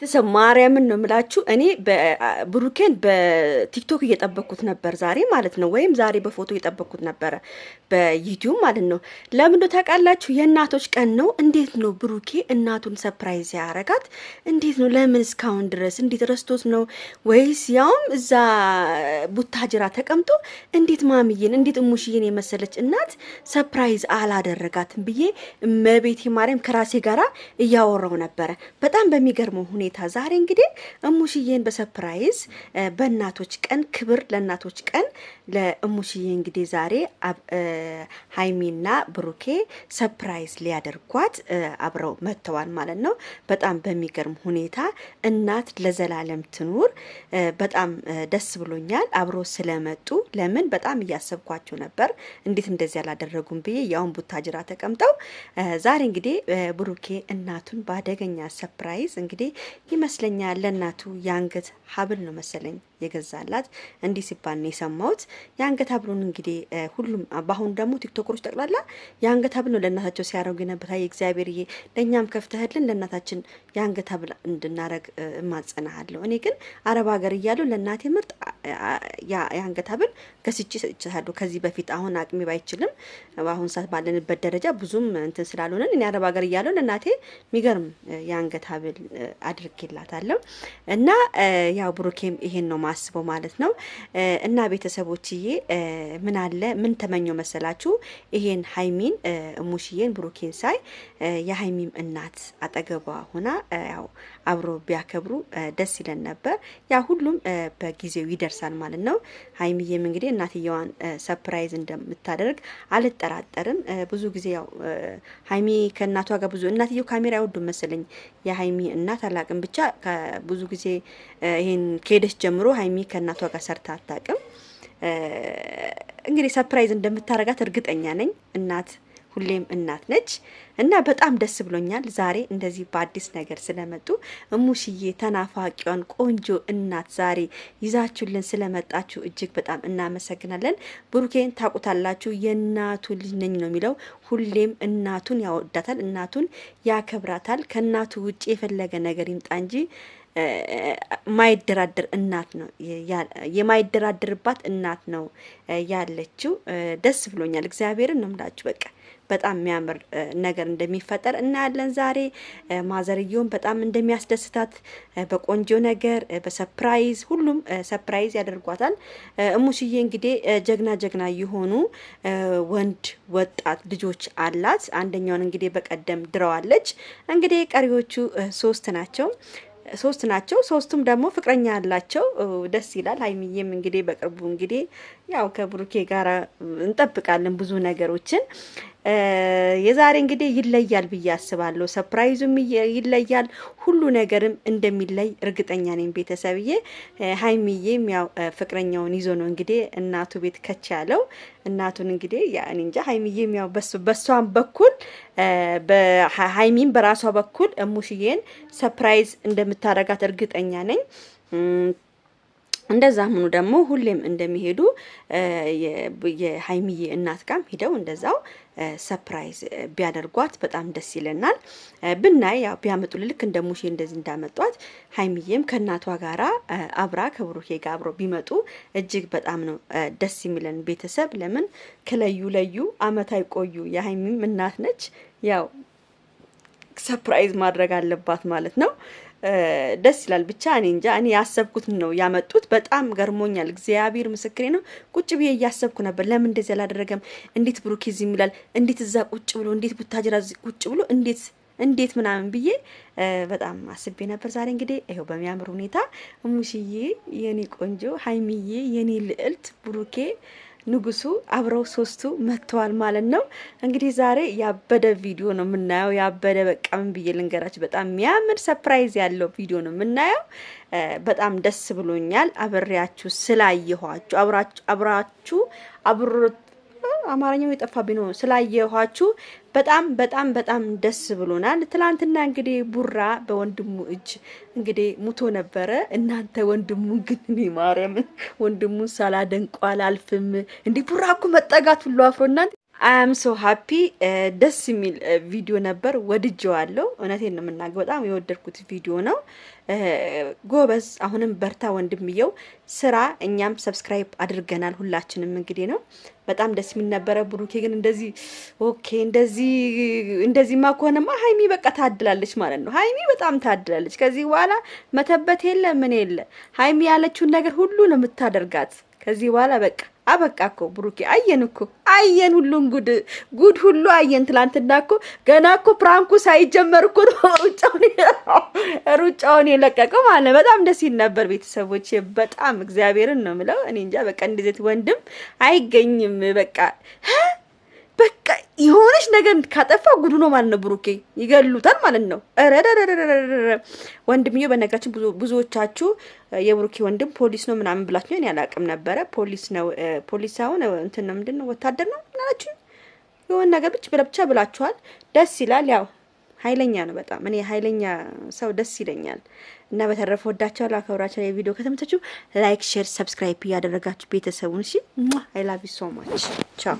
ቤተሰብ ማርያምን ነው የምላችሁ። እኔ ብሩኬን በቲክቶክ እየጠበኩት ነበር ዛሬ ማለት ነው፣ ወይም ዛሬ በፎቶ እየጠበኩት ነበረ በዩቲዩብ ማለት ነው። ለምን ነው ታውቃላችሁ? የእናቶች ቀን ነው። እንዴት ነው ብሩኬ እናቱን ሰፕራይዝ ያረጋት? እንዴት ነው? ለምን እስካሁን ድረስ እንዴት ረስቶት ነው? ወይስ ያውም እዛ ቡታጅራ ተቀምጦ እንዴት ማምዬን እንዴት እሙሽዬን የመሰለች እናት ሰፕራይዝ አላደረጋትም ብዬ እመቤቴ ማርያም ከራሴ ጋራ እያወራው ነበረ በጣም በሚገርመው ሁኔታ ዛሬ እንግዲህ እሙሽዬን በሰፕራይዝ በእናቶች ቀን ክብር ለእናቶች ቀን ለእሙሽዬ እንግዲህ ዛሬ ሀይሚና ብሩኬ ሰፕራይዝ ሊያደርጓት አብረው መጥተዋል ማለት ነው። በጣም በሚገርም ሁኔታ እናት ለዘላለም ትኑር። በጣም ደስ ብሎኛል አብሮ ስለመጡ። ለምን በጣም እያሰብኳቸው ነበር፣ እንዴት እንደዚህ አላደረጉም ብዬ ያውን ቡታጅራ ተቀምጠው ዛሬ እንግዲህ ብሩኬ እናቱን በአደገኛ ሰፕራይዝ እንግዲህ ይመስለኛል ለእናቱ የአንገት ሀብል ነው መሰለኝ የገዛላት እንዲህ ሲባል ነው የሰማሁት። የአንገት ሀብሉን እንግዲህ ሁሉም በአሁኑ ደግሞ ቲክቶክሮች ጠቅላላ የአንገት ሀብል ነው ለእናታቸው ሲያደርጉ የነበር። አይ ዬ ለእኛም ከፍተህልን ለእናታችን የአንገት ሀብል እንድናረግ እማጸናሃለሁ። እኔ ግን አረብ ሀገር እያሉ ለእናቴ ምርጥ የአንገት ሀብል ገዝቼ ሰጥቻለሁ ከዚህ በፊት። አሁን አቅሚ ባይችልም በአሁን ሰዓት ባለንበት ደረጃ ብዙም እንትን ስላልሆነን እኔ አረብ ሀገር እያለሁ ለእናቴ የሚገርም የአንገት ሀብል አድርጌላታለሁ እና ያው ብሩኬም ይሄን ነው ማስበው ማለት ነው። እና ቤተሰቦችዬ ምን አለ ምን ተመኞ መሰላችሁ? ይሄን ሀይሚን ሙሽዬን ብሩኬን ሳይ የሀይሚም እናት አጠገቧ ሆና ያው አብሮ ቢያከብሩ ደስ ይለን ነበር። ያ ሁሉም በጊዜው ይደርሳል ማለት ነው። ሀይሚዬም እንግዲህ እናትየዋን ሰፕራይዝ እንደምታደርግ አልጠራጠርም። ብዙ ጊዜ ያው ሀይሚ ከእናቷ ጋር ብዙ እናትየው ካሜራ አይወዱ መሰለኝ የሀይሚ እናት አላቅም ብቻ ብዙ ጊዜ ይሄን ከሄደች ጀምሮ ሀይሚ ከእናቷ ጋር ሰርታ አታውቅም። እንግዲህ ሰፕራይዝ እንደምታረጋት እርግጠኛ ነኝ እናት ሁሌም እናት ነች እና በጣም ደስ ብሎኛል ዛሬ እንደዚህ በአዲስ ነገር ስለመጡ። እሙሽዬ ተናፋቂዋን ቆንጆ እናት ዛሬ ይዛችሁልን ስለመጣችሁ እጅግ በጣም እናመሰግናለን። ብሩኬን ታውቁታላችሁ፣ የእናቱ ልጅ ነኝ ነው የሚለው። ሁሌም እናቱን ያወዳታል፣ እናቱን ያከብራታል። ከእናቱ ውጭ የፈለገ ነገር ይምጣ እንጂ ማይደራደር እናት ነው የማይደራደርባት እናት ነው ያለችው። ደስ ብሎኛል። እግዚአብሔርን ነው ምላችሁ በቃ በጣም የሚያምር ነገር እንደሚፈጠር እናያለን። ዛሬ ማዘርየውን በጣም እንደሚያስደስታት በቆንጆ ነገር በሰፕራይዝ ሁሉም ሰፕራይዝ ያደርጓታል። እሙሽዬ እንግዲህ ጀግና ጀግና የሆኑ ወንድ ወጣት ልጆች አላት። አንደኛውን እንግዲህ በቀደም ድረዋለች። እንግዲህ ቀሪዎቹ ሶስት ናቸው ሶስት ናቸው። ሶስቱም ደግሞ ፍቅረኛ ያላቸው ደስ ይላል። ሀይሚዬም እንግዲህ በቅርቡ እንግዲህ ያው ከብሩኬ ጋር እንጠብቃለን ብዙ ነገሮችን የዛሬ እንግዲህ ይለያል ብዬ አስባለሁ። ሰፕራይዙም ይለያል፣ ሁሉ ነገርም እንደሚለይ እርግጠኛ ነኝ። ቤተሰብዬ ሀይሚዬም ያው ፍቅረኛውን ይዞ ነው እንግዲህ እናቱ ቤት ከች ያለው እናቱን እንግዲህ እንጃ ሀይሚዬም ያው በሷን በኩል ሀይሚም በራሷ በኩል እሙሽዬን ሰፕራይዝ እንደምታደርጋት እርግጠኛ ነኝ። እንደዛ ምኑ ደግሞ ሁሌም እንደሚሄዱ የሀይሚዬ እናት ጋም ሂደው እንደዛው ሰፕራይዝ ቢያደርጓት በጣም ደስ ይለናል። ብናይ ያው ቢያመጡ ልልክ እንደ ሙሼ እንደዚህ እንዳመጧት ሀይሚዬም ከእናቷ ጋራ አብራ ከብሩኬ ጋር አብሮ ቢመጡ እጅግ በጣም ነው ደስ የሚለን። ቤተሰብ ለምን ከለዩ ለዩ አመት አይቆዩ። የሀይሚም እናት ነች፣ ያው ሰፕራይዝ ማድረግ አለባት ማለት ነው። ደስ ይላል። ብቻ እኔ እንጃ እኔ ያሰብኩት ነው ያመጡት። በጣም ገርሞኛል። እግዚአብሔር ምስክሬ ነው። ቁጭ ብዬ እያሰብኩ ነበር፣ ለምን እንደዚህ አላደረገም? እንዴት ብሩክ ዝም ይላል? እንዴት እዛ ቁጭ ብሎ እንዴት ቡታጅራ ቁጭ ብሎ እንዴት እንዴት ምናምን ብዬ በጣም አስቤ ነበር። ዛሬ እንግዲህ ይኸው በሚያምር ሁኔታ ሙሽዬ፣ የኔ ቆንጆ፣ ሀይሚዬ፣ የኔ ልዕልት ብሩኬ ንጉሱ አብረው ሶስቱ መጥተዋል ማለት ነው። እንግዲህ ዛሬ ያበደ ቪዲዮ ነው የምናየው። ያበደ በቃ ምን ብዬ ልንገራችሁ፣ በጣም የሚያምር ሰፕራይዝ ያለው ቪዲዮ ነው የምናየው። በጣም ደስ ብሎኛል አብሬያችሁ ስላየኋችሁ አብራችሁ አብራችሁ አማርኛው የጠፋብኝ ነው ስላየኋችሁ በጣም በጣም በጣም ደስ ብሎናል። ትላንትና እንግዲህ ቡራ በወንድሙ እጅ እንግዲህ ሙቶ ነበረ። እናንተ ወንድሙ ግን ማርያምን ወንድሙ ሳላደንቋል አልፍም። እንዲህ ቡራ እኮ መጠጋት ሁሉ አፍሮ እናንተ አም ሶ ሀፒ ደስ የሚል uh, ቪዲዮ ነበር፣ ወድጀዋለሁ። እውነቴን ነው የምናገር፣ በጣም የወደድኩት ቪዲዮ ነው። uh, ጎበዝ፣ አሁንም በርታ ወንድምየው፣ ስራ። እኛም ሰብስክራይብ አድርገናል ሁላችንም። እንግዲህ ነው በጣም ደስ የሚል ነበረ። ብሩኬ ግን እንደዚህ ኦኬ፣ እንደዚህ እንደዚህ ከሆነማ ሀይሚ በቃ ታድላለች ማለት ነው። ሀይሚ በጣም ታድላለች። ከዚህ በኋላ መተበት የለ ምን የለ። ሀይሚ ያለችውን ነገር ሁሉ ነው የምታደርጋት። ከዚህ በኋላ በቃ አበቃ እኮ ብሩኬ፣ አየን እኮ አየን፣ ሁሉን ጉድ ጉድ ሁሉ አየን። ትላንትና እኮ ገና እኮ ፕራንኩ ሳይጀመር እኮ ሩጫውን የለቀቀው ማለት በጣም ደስ ይል ነበር። ቤተሰቦች በጣም እግዚአብሔርን ነው ምለው። እኔ እንጃ በቃ እንደዚህ ወንድም አይገኝም በቃ የሆነች ነገር ካጠፋ ጉዱ ነው ማለት ነው። ብሩኬ ይገሉታል ማለት ነው። ወንድምዬ፣ በነገራችን ብዙዎቻችሁ የብሩኬ ወንድም ፖሊስ ነው ምናምን ብላችሁ እኔ አላቅም ነበረ። ፖሊስ ነው ፖሊስ አሁን እንትን ነው ምንድን ነው ወታደር ነው ምናላችሁ የሆነ ነገር ብቻ ብለብቻ ብላችኋል። ደስ ይላል። ያው ኃይለኛ ነው በጣም እኔ ኃይለኛ ሰው ደስ ይለኛል። እና በተረፈ ወዳቸዋለሁ፣ አከብራቸዋለሁ። የቪዲዮ ከተመቻችሁ ላይክ፣ ሼር፣ ሰብስክራይብ እያደረጋችሁ ቤተሰቡን እሺ። አይ ላቭ ዩ ሶ ማች ቻው